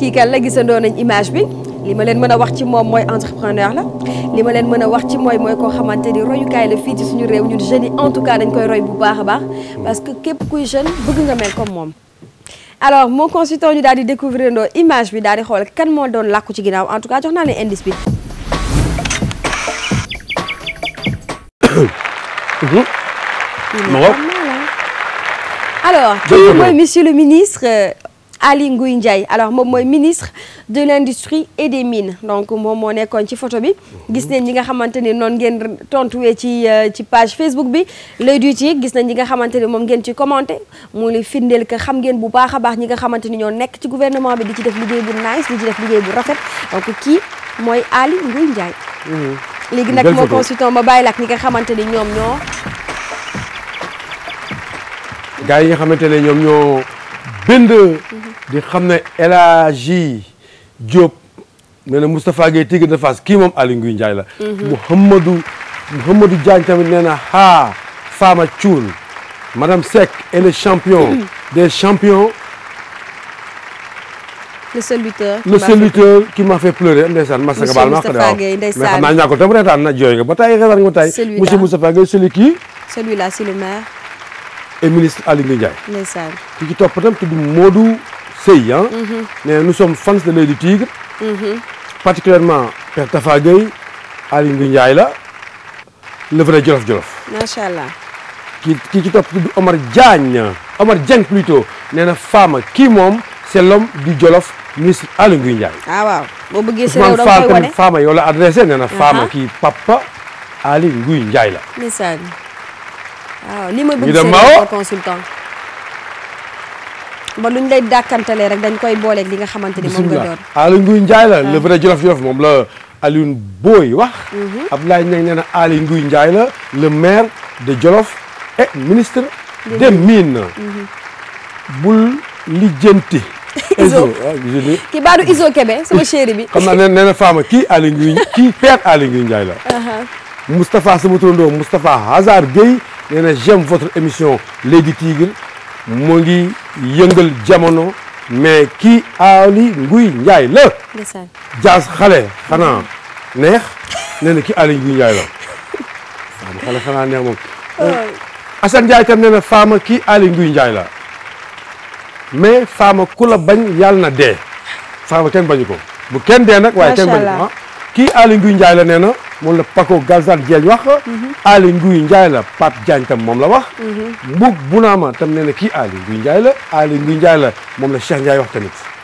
kii kan la gisandoo nañ image bi li mën a wax ci moom mooy entrepreneur la li mën a wax ci mooy mooy koo xamante royukaay la fii ci suñu réew ñun jeunes en tout cas dañ koy roy bu baax a baax parce que képp kuy jeune bëgg nga mel comme moom alors mon consultant ñu daal di découvrir ndoo image bi daal di xool kan moo doon làkku ci ginnaaw en tout cas jox naa leen indice bi alors kii mooy monsieur le ministre euh, Aly Ngouille Ndiaye alors moom mooy ministre de l'industrie et des mines donc moom moo nekkoon ci photo bi gis nañ ñi nga xamante ni noonu ngeen tontuwee ci euh, ci page Facebook bi l'Oeil du Tigre gis nañ ñi nga xamante ni moom ngeen ci commenté mu li firndeel que xam ngeen bu baax a baax ñi nga xamante ni ñoo nekk ci gouvernement bi di ci def liggéey bu nice di ci bu rafet donc kii mooy Aly Ngouille Ndiaye mm-hmm. léegi nag moo ma bàyyi la ak ñi nga xamante ni ñoom ñoo gars yi ñoom ñoo bind mm-hmm. di xam ne El Hadji Diop nee na Moustapha Gueye Tigre de Fass kii moom Aliou Ngouye la. Mhm. Mouhamadou Mouhamadou Diagne tamit nee na ha le champion. Mhm. des champions. le seul lutteur le seul lutteur qui m'a fait pleurer ndeysaan Massaka Baal ma xam mais xam naa ñàkkul tam reetaan na jooy nga ba tey reetaan nga tey. celui là monsieur Moustapha Gueye celui qui. celui ministre Aliou Ngouye Ndiaye. ndeysaan ki ci tam tudd Modou. sëy ah. Mhm. mais nous sommes fans de l'œil du tigre. Mhm. particulièrement Père Tafa Gueye Aliou Ngouille la le vrai Jolof Jolof. ki ki ci topp tudd Omar Diagne Omar Diagne plutôt nee na Fama kii moom c'est l'homme du Jolof ministre Aliou Ngouille Ndiaye. ah waaw boo bëggee sa réew da nga koy wane tamit Fama yow la adressé na Fama kii papa Aliou Ngouille waaw li ma bëgg seen consultant. ba luñ lay dàkkantalee rek dañ koy booleeg li nga xamante ni moom nga doon Aly Ngouille Ndiaye la le ah. vrai Jolof Jolof moom la Alioune Boy wax mhm. Abdoulaye na Aly Ngouille Ndiaye la le maire de Jolof et ministre des mines mhm. bul lijjanti ah, ki baadu iso Kébé sama chéri bi xam na faama kii Aly Ngouille kii père Aly Ngouille Ndiaye la uh-huh. Moustapha sama turandoo na j'aime votre émission L'Oeil Tigre moo yëngal jamono mais kii Aly Ngouille Ndiaye la. jaas xale xanaa neex nee na kii Aly Ngouille Ndiaye la waaw xale xanaa neex moom. Oh. Assane Ndiaye tam nee faama kii Aly nguy Ndiaye la mais faama ku bañ yàlla na dee faama kenn bañu ko bu kenn dee nag. waaye kenn bañu ko ah, kii Aly Ngouille Ndiaye la nee na. moom la Paco Galzad Dieng wax. Mhm. Aly Nguy Ndiaye la Pape Diagne tam moom la wax. Mhm. Mbouck Bounama tam nee na kii Aly Nguy Ndiaye la. Aly Nguy Ndiaye la moom la Cheikh Ndiaye wax tamit.